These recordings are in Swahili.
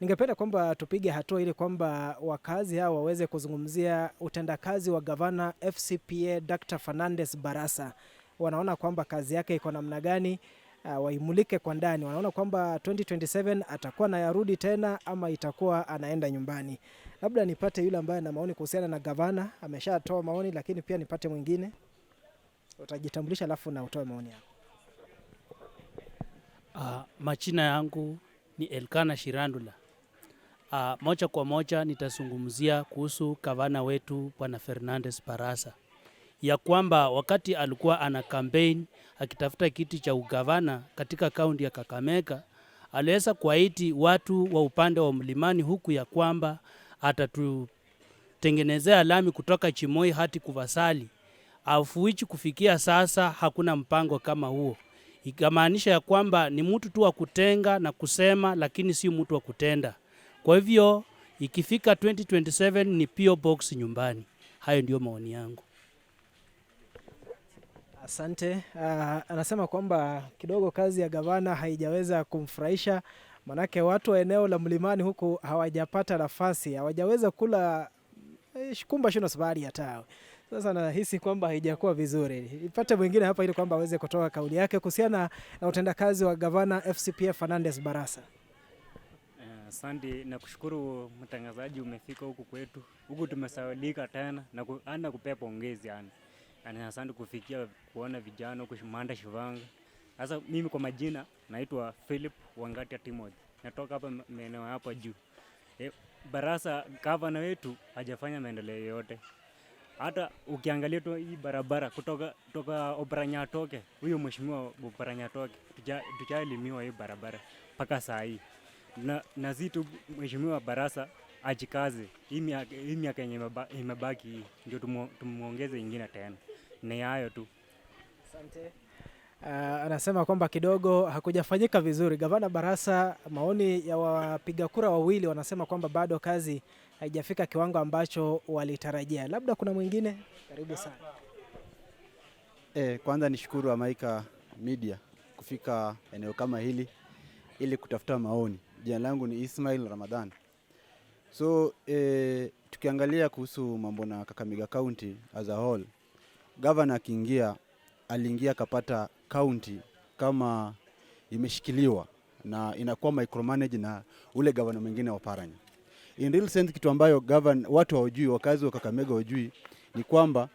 Ningependa kwamba tupige hatua ili kwamba wakazi hawa waweze kuzungumzia utendakazi wa gavana FCPA Dr. Fernandes Barasa. Wanaona kwamba kazi yake iko namna gani? Uh, waimulike kwa ndani. Wanaona kwamba 2027 atakuwa nayarudi tena ama itakuwa anaenda nyumbani. Labda nipate yule ambaye ana maoni kuhusiana na gavana, ameshatoa maoni, lakini pia nipate mwingine. Utajitambulisha alafu na utoe maoni yako. Uh, ah, machina yangu ni Elkana Shirandula Uh, moja kwa moja nitazungumzia kuhusu gavana wetu Bwana Fernandez Barasa ya kwamba wakati alikuwa ana campaign akitafuta kiti cha ugavana katika kaunti ya Kakamega, aliweza kuaiti watu wa upande wa mlimani huku ya kwamba atatutengenezea lami kutoka Chimoi hadi Kuvasali, afuichi kufikia sasa hakuna mpango kama huo, ikamaanisha ya kwamba ni mtu tu wa kutenga na kusema, lakini si mtu wa kutenda. Kwa hivyo ikifika 2027 ni PO Box nyumbani. Hayo ndio maoni yangu. Asante. Uh, anasema kwamba kidogo kazi ya gavana haijaweza kumfurahisha, manake watu wa eneo la mlimani huku hawajapata nafasi, hawajaweza kula eh, kumba shino sabari ya tawe. Sasa nahisi kwamba haijakuwa vizuri, ipate mwingine hapa ili kwamba aweze kutoa kauli yake kuhusiana na utendakazi wa gavana FCPA Fernandez Barasa. Asante na kushukuru mtangazaji, umefika huku kwetu, huku tumesaulika tena na ku, ana kupea pongezi yani. Yaani, asante kufikia kuona vijana huku kushimanda Shivanga. Sasa mimi kwa majina naitwa Philip Wangatia Timothy. Natoka hapa maeneo hapa juu. E, Barasa gavana wetu hajafanya maendeleo yote. Hata ukiangalia tu hii barabara kutoka kutoka Oparanya toke, huyo mheshimiwa Oparanya toke, tujaelimiwa hii barabara mpaka saa hii na, na si tu mheshimiwa Barasa ajikaze, hii miaka yenye imebaki ndio tumwongeze ingine tena. Ni hayo tu, asante. Uh, anasema kwamba kidogo hakujafanyika vizuri gavana Barasa. Maoni ya wapiga kura wawili wanasema kwamba bado kazi haijafika kiwango ambacho walitarajia. Labda kuna mwingine, karibu sana. Eh, kwanza nishukuru Amaica Media kufika eneo kama hili ili kutafuta maoni Jina langu ni Ismail Ramadhan. So e, tukiangalia kuhusu mambo na Kakamega County as a whole, governor akiingia, aliingia akapata county kama imeshikiliwa na inakuwa micromanage na ule governor mwingine wa Paranya. In real sense, kitu ambayo governor, watu hawajui, wakazi wa Kakamega hawajui ni kwamba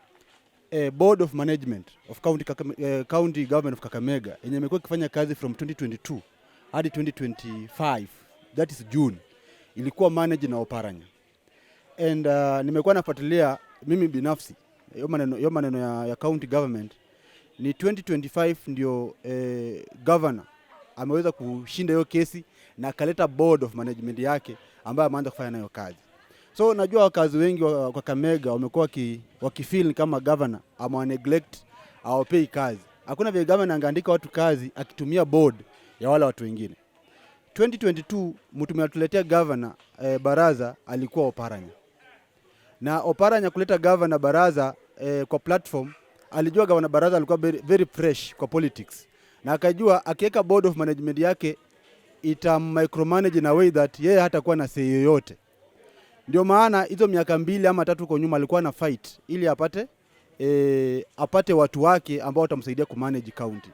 eh, board of management of county, eh, county government of Kakamega yenye imekuwa ikifanya kazi from 2022 hadi 2025 that is June ilikuwa managed na Oparanya and uh, nimekuwa nafuatilia mimi binafsi hiyo maneno, maneno ya, ya county government ni 2025 ndio eh, governor ameweza kushinda hiyo kesi na akaleta board of management yake ambayo ameanza kufanya nayo kazi. So najua wakazi wengi wa Kamega wamekuwa ki, wakifeel kama governor ama neglect awapei kazi. Hakuna vile governor angeandika watu kazi akitumia board ya wala watu wengine. 2022 mtu mnatuletea governor eh, baraza alikuwa Oparanya, na Oparanya kuleta governor baraza eh, kwa platform, alijua governor baraza alikuwa very, very fresh kwa politics, na akajua akiweka board of management yake ita micromanage in a way that yeye hatakuwa na say yoyote. Ndio maana hizo miaka mbili ama tatu kwa nyuma alikuwa na fight ili apate eh, apate watu wake ambao watamsaidia kumanage county.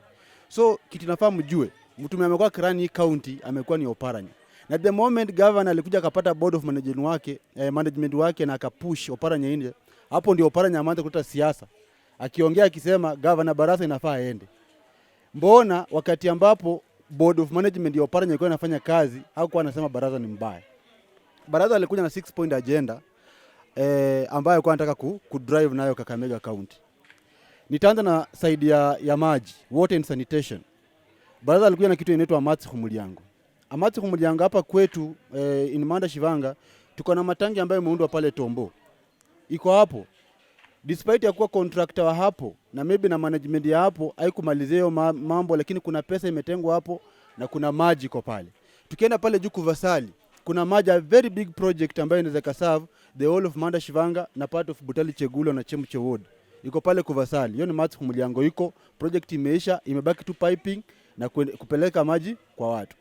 So kitu nafaa mjue Mtume amekuwa kirani hii county amekuwa ni Oparanya. Na the moment governor alikuja akapata board of management wake, eh, management wake na akapush Oparanya nje. Hapo ndio Oparanya ameanza kuleta siasa. Akiongea akisema governor Barasa inafaa aende. Mbona wakati ambapo board of management ya Oparanya ilikuwa inafanya kazi, hakuwa anasema Barasa ni mbaya. Barasa alikuja na six point agenda eh, ambayo alikuwa anataka ku, ku drive nayo Kakamega County. Nitaanza na side ya, ya maji, water and sanitation baraza alikuwa na kitu inaitwa Amatsi Khumulyango. Amatsi Khumulyango hapa kwetu eh, Inmanda Shivanga tuko na matangi ambayo imeundwa pale Tombo. Iko hapo. Despite ya kuwa contractor wa hapo na maybe na management ya hapo haikumalizia hiyo mambo, lakini kuna pesa imetengwa hapo na kuna maji kwa pale. Tukienda pale juu Kuvasali kuna maji, a very big project ambayo inaweza kaserve the whole of Manda Shivanga na part of Butali Chegulo na Chemuche Ward. Iko pale Kuvasali. Hiyo ni Amatsi Khumulyango iko. Project imeisha, imebaki tu piping na kupeleka maji kwa watu.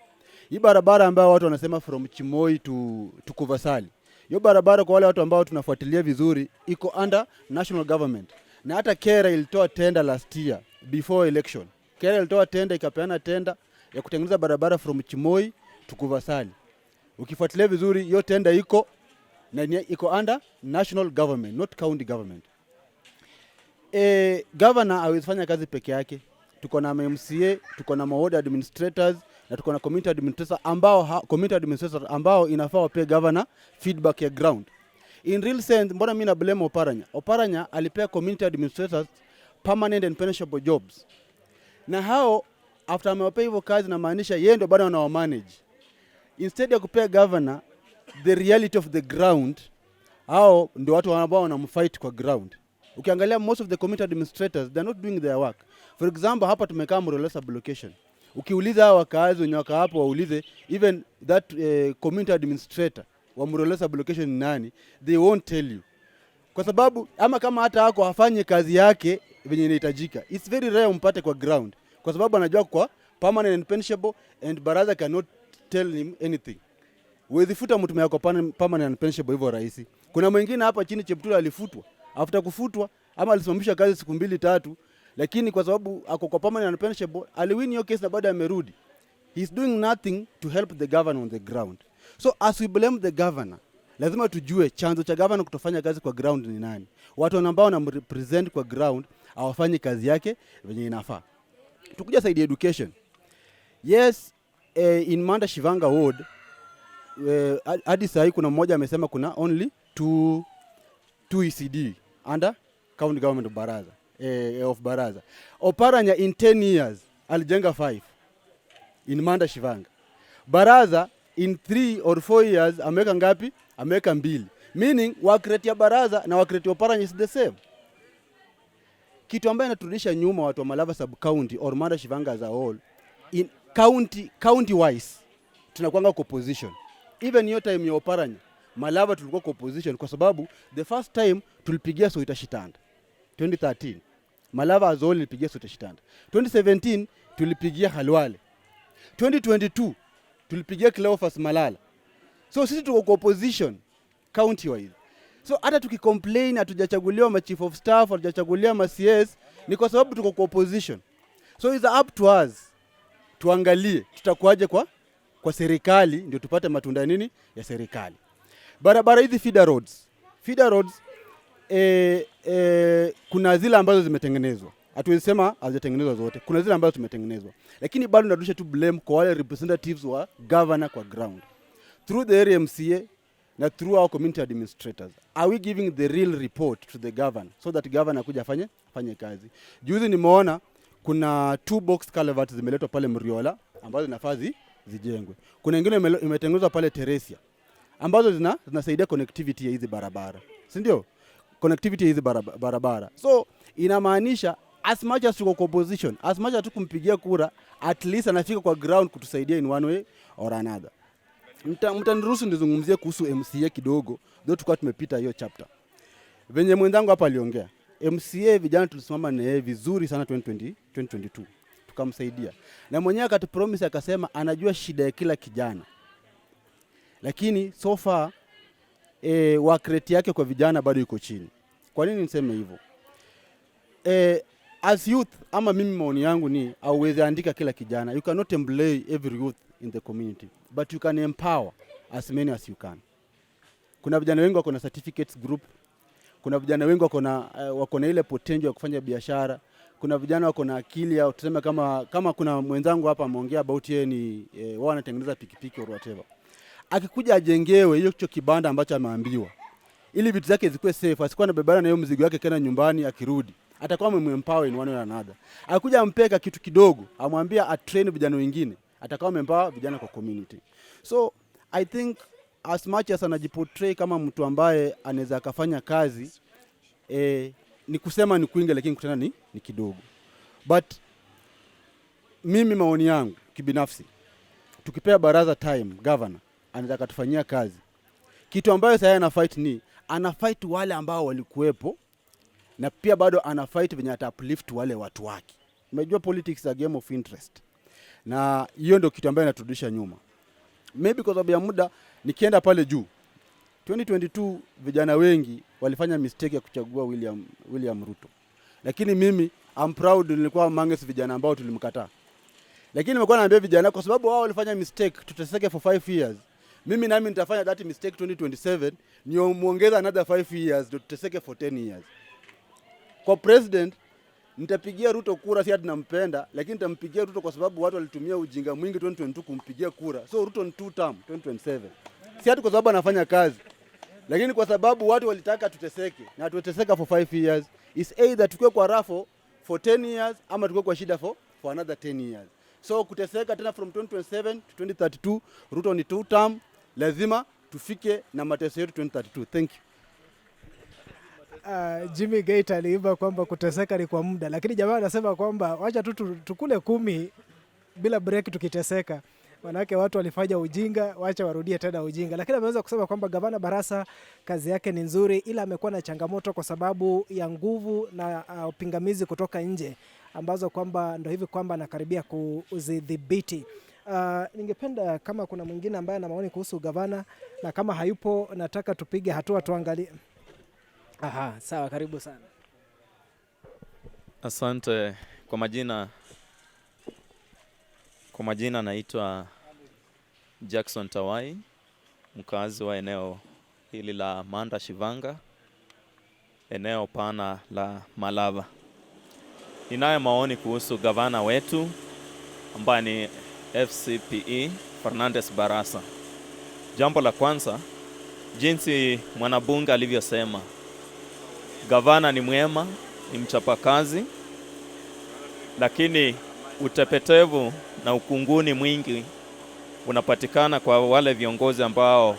Hii barabara ambayo watu wanasema from Chimoi to, Tukuvasali, Hiyo barabara kwa wale watu ambao tunafuatilia vizuri iko under national government. Na hata Kera ilitoa tenda last year before election. Kera ilitoa tenda ikapeana tenda ya kutengeneza barabara from Chimoi to Kuvasali. Ukifuatilia vizuri hiyo tenda iko na iko under national government, not county government. E, governor hawezi fanya kazi peke yake tuko na MCA, tuko na ward administrators na tuko na community administrator ambao, ha, community administrator ambao inafaa wapee governor feedback ya ground in real sense. Mbona mimi na blame Oparanya? Oparanya alipea community administrators permanent and pensionable jobs, na hao after amewapea hivyo kazi, na maanisha yeye ndio bado anao manage instead ya kupea governor the reality of the ground. Hao ndio watu ambao wanamfight kwa ground. Ukiangalia most of the community administrators they are not doing their work. For example, hapa tumekaa Murolesa location. Ukiuliza hawa wakaazi wenye wakaa hapo waulize even that uh, community administrator wa Murolesa location ni nani, they won't tell you. Kwa sababu ama kama hata hako hafanye kazi yake venye inahitajika. It's very rare umpate kwa ground. Kwa sababu anajua kwa permanent and pensionable and baraza cannot tell him anything. Huwezi futa mtu mwako permanent and pensionable hivyo rahisi. Kuna mwingine hapa chini Cheptula alifutwa. Afuta kufutwa ama alisimamishwa kazi siku mbili tatu lakini kwa sababu ako kwa permanent and pensionable, aliwin hiyo case na bado amerudi. He is doing nothing to help the governor on the ground. So as we blame the governor, lazima tujue chanzo cha governor kutofanya kazi kwa ground ni nani. Watu ambao wanamrepresent kwa ground hawafanyi kazi yake venye inafaa. Tukuja side education. Yes, eh, in Manda Shivanga ward eh, hadi eh, sahii kuna mmoja amesema kuna only two, two ECD under county government baraza eh, of Baraza. Oparanya in 10 years alijenga 5 in Manda Shivanga. Baraza in 3 or 4 years ameweka ngapi? Ameweka mbili. Meaning work rate ya Baraza na work rate Oparanya is the same. Kitu ambayo inaturudisha nyuma watu wa Malava sub county or Manda Shivanga as a whole in county county wise tunakuanga kwa position. Even hiyo time ya Oparanya Malava tulikuwa kwa position kwa sababu the first time tulipigia Soita Shitanda 2013 Malava Azoli nilipigia Sote Shitanda. 2017 tulipigia Halwale. 2022 tulipigia Cleophas Malala. So sisi tuko kwa opposition county wise. So hata tukicomplain hatujachaguliwa ma chief of staff, hatujachaguliwa ma CS ni kwa sababu tuko kwa opposition. So it's up to us tuangalie tutakuaje kwa kwa serikali ndio tupate matunda nini ya serikali. Barabara hizi feeder roads. Feeder roads e, e, kuna zile ambazo zimetengenezwa, hatuwezi sema hazijatengenezwa zote, kuna zile ambazo zimetengenezwa, lakini bado narudisha tu blame kwa wale representatives wa governor kwa ground through the area MCA na through our community administrators are we giving the real report to the governor so that governor akuja afanye afanye kazi. Juzi nimeona kuna two box culverts zimeletwa pale Mriola ambazo zinafaa zijengwe. Kuna nyingine imetengenezwa pale Teresia ambazo zina, zinasaidia connectivity ya hizi barabara, si ndio? connectivity hizi barabara. So inamaanisha as much as tuko opposition, as much as tukumpigia kura, at least anafika kwa ground kutusaidia in one way or another. Mtaniruhusu nizungumzie kuhusu MCA kidogo, ndio tukawa tumepita hiyo chapter venye mwenzangu hapa aliongea. MCA vijana tulisimama na yeye vizuri sana 2020, 2022 tukamsaidia, na mwenyewe akatupromise akasema anajua shida ya kila kijana, lakini so far e, wakreti yake kwa vijana bado iko chini. Kwa nini niseme hivyo? E, as youth ama mimi maoni yangu ni auweze andika kila kijana. You cannot employ every youth in the community but you can empower as many as you can. Kuna vijana wengi wako na certificates group, kuna vijana wengi wako na uh, wako na ile potential ya kufanya biashara, kuna vijana wako na akili au tuseme kama, kama kuna mwenzangu hapa ameongea about yeye ni eh, wao wanatengeneza pikipiki or whatever akikuja ajengewe hiyo kicho kibanda ambacho ameambiwa, ili vitu zake zikuwe safe, asikuwa anabebana na hiyo mzigo wake kena nyumbani akirudi atakuwa amemempower in one way or another. Akuja ampeka kitu kidogo, amwambia a train vijana wengine, atakuwa amempower vijana kwa community. So I think as much as anajiportray kama mtu ambaye anaweza akafanya kazi eh, ni kusema ni kwingi, lakini kutana ni, ni kidogo. But mimi maoni yangu kibinafsi, tukipea baraza time governor anataka tufanyia kazi. Kitu ambayo sasa ana fight ni ana fight wale ambao walikuwepo na pia bado ana fight venye ata uplift wale watu wake. Umejua politics a game of interest, na hiyo ndio kitu ambayo inaturudisha nyuma. Maybe kwa sababu ya muda, nikienda pale juu 2022 vijana wengi walifanya mistake ya kuchagua William, William Ruto, lakini mimi I'm proud nilikuwa manges vijana ambao tulimkataa, lakini nimekuwa naambia vijana kwa sababu wao walifanya mistake, tuteseke for 5 years mimi nami nitafanya that mistake 2027 ni muongeza another 5 years ndio tuteseke for 10 years. Kwa president nitapigia Ruto kura, si hadi nampenda, lakini nitampigia Ruto kwa sababu watu walitumia ujinga mwingi 2022 kumpigia kura. So Ruto ni two term 2027, si hadi kwa sababu anafanya kazi, lakini kwa sababu watu walitaka tuteseke na tuteseka for 5 years. Is either tukue kwa rafo for 10 years ama tukue kwa shida for, for another 10 years. So kuteseka tena from 2027 to 2032, Ruto ni two term lazima tufike na mateso yetu 2032. Thank you. Uh, Jimmy Gate aliimba kwamba kuteseka ni kwa muda, lakini jamaa anasema kwamba wacha tu tukule kumi bila break tukiteseka Manake watu walifanya ujinga, wacha warudie tena ujinga. Lakini ameweza kusema kwamba gavana Barasa kazi yake ni nzuri, ila amekuwa na changamoto kwa sababu ya nguvu na uh, ah, pingamizi kutoka nje ambazo kwamba ndo hivi kwamba anakaribia kuzidhibiti. Uh, ningependa kama kuna mwingine ambaye ana maoni kuhusu gavana, na kama hayupo, nataka tupige hatua tuangalie. Aha, sawa, karibu sana. Asante kwa majina, kwa majina naitwa Jackson Tawai, mkazi wa eneo hili la Manda Shivanga, eneo pana la Malava. Ninayo maoni kuhusu gavana wetu ambaye ni FCPE Fernandez Barasa. Jambo la kwanza, jinsi mwanabunge alivyosema, gavana ni mwema, ni mchapakazi, lakini utepetevu na ukunguni mwingi unapatikana kwa wale viongozi ambao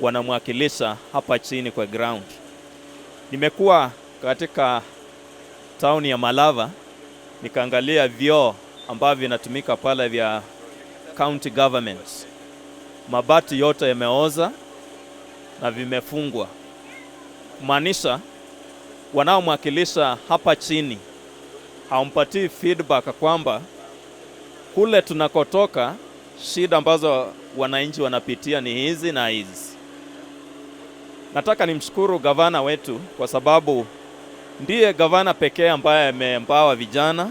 wanamwakilisha hapa chini kwa ground. Nimekuwa katika tauni ya Malava nikaangalia vyoo ambavyo vinatumika pale vya county governments. Mabati yote yameoza na vimefungwa, kumaanisha wanaomwakilisha hapa chini hawampatii feedback kwamba kule tunakotoka shida ambazo wananchi wanapitia ni hizi na hizi. Nataka nimshukuru gavana wetu kwa sababu ndiye gavana pekee ambaye ameembawa vijana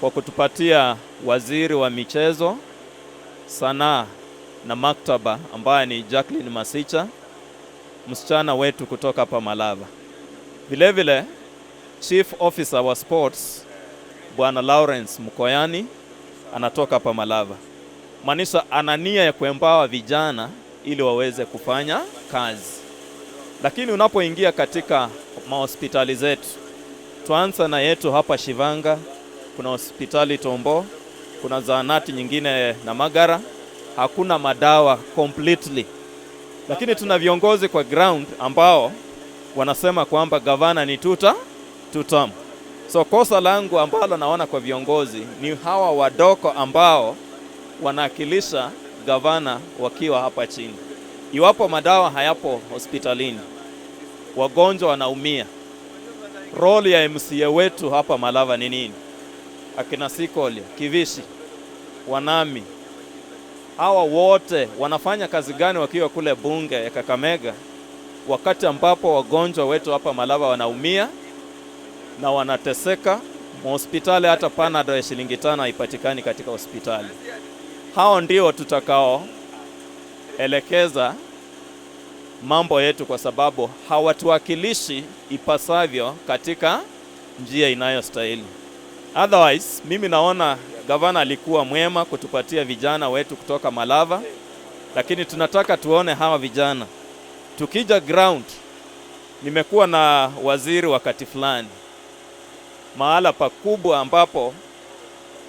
kwa kutupatia waziri wa michezo sanaa na maktaba ambaye ni Jacqueline Masicha, msichana wetu kutoka hapa Malava. Vilevile chief officer wa sports bwana Lawrence Mkoyani anatoka hapa Malava, maanisha ana nia ya kuembawa vijana ili waweze kufanya kazi. Lakini unapoingia katika mahospitali zetu, tuanza na yetu hapa Shivanga, kuna hospitali Tombo kuna zahanati nyingine na Magara, hakuna madawa completely, lakini tuna viongozi kwa ground ambao wanasema kwamba gavana ni tuta tutam. So kosa langu ambalo naona kwa viongozi ni hawa wadoko ambao wanaakilisha gavana wakiwa hapa chini. Iwapo madawa hayapo hospitalini, wagonjwa wanaumia. Role ya MCA wetu hapa Malava ni nini? akina Sikoli, Kivishi, Wanami, hawa wote wanafanya kazi gani wakiwa kule bunge ya Kakamega, wakati ambapo wagonjwa wetu hapa Malava wanaumia na wanateseka hospitali hata panado ya shilingi tano haipatikani katika hospitali. Hao ndio tutakaoelekeza mambo yetu, kwa sababu hawatuwakilishi ipasavyo katika njia inayostahili. Otherwise, mimi naona gavana alikuwa mwema kutupatia vijana wetu kutoka Malava, lakini tunataka tuone hawa vijana. Tukija ground, nimekuwa na waziri wakati fulani mahala pakubwa ambapo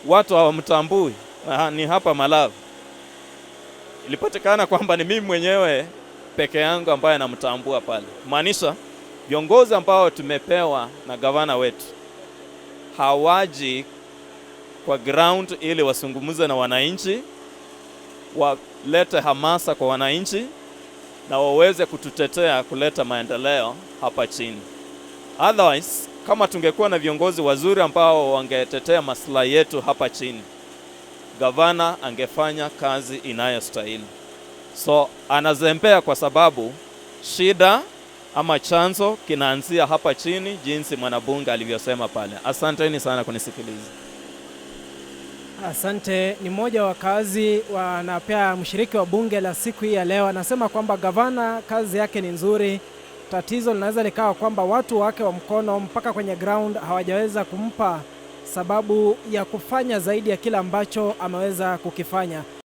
watu hawamtambui ni hapa Malava. Ilipatikana kwamba ni mimi mwenyewe peke yangu ambaye namtambua pale, maanisha viongozi ambao tumepewa na gavana wetu hawaji kwa ground ili wasungumuze na wananchi, walete hamasa kwa wananchi na waweze kututetea kuleta maendeleo hapa chini. Otherwise, kama tungekuwa na viongozi wazuri ambao wangetetea maslahi yetu hapa chini, gavana angefanya kazi inayostahili. So anazembea kwa sababu shida ama chanzo kinaanzia hapa chini, jinsi mwanabunge alivyosema pale. Asanteni sana kunisikiliza. Asante. Ni mmoja wa kazi na mshiriki wa bunge la siku hii ya leo, anasema kwamba gavana kazi yake ni nzuri. Tatizo linaweza likawa kwamba watu wake wa mkono mpaka kwenye ground hawajaweza kumpa sababu ya kufanya zaidi ya kile ambacho ameweza kukifanya.